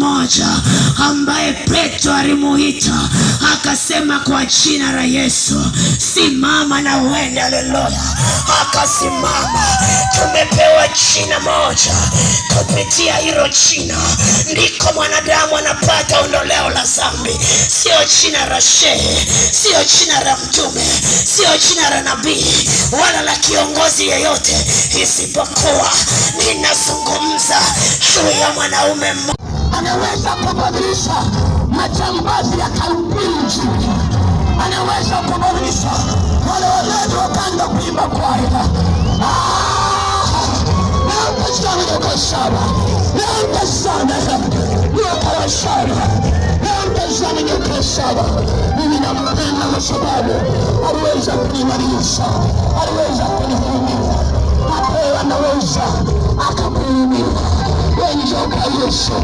mmoja ambaye Petro alimuita akasema, kwa jina la Yesu simama na uende. Haleluya, akasimama. Tumepewa jina moja, kupitia hilo jina ndiko mwanadamu anapata ondoleo la dhambi. Sio jina la shehe, sio jina la mtume, sio jina la nabii wala la kiongozi yeyote, isipokuwa ninazungumza juu ya mwanaume mmoja anaweza kubadilisha majambazi ya kalbinji, anaweza kubadilisha wale walevi wakaenda kuimba kwaila. Ah! Nampesana nyukasaba nampesana nyokarashara Mimi nampenda kwa sababu aliweza kunimaliza, aliweza kunihurumia, na pia anaweza akakuhurumia. Wengi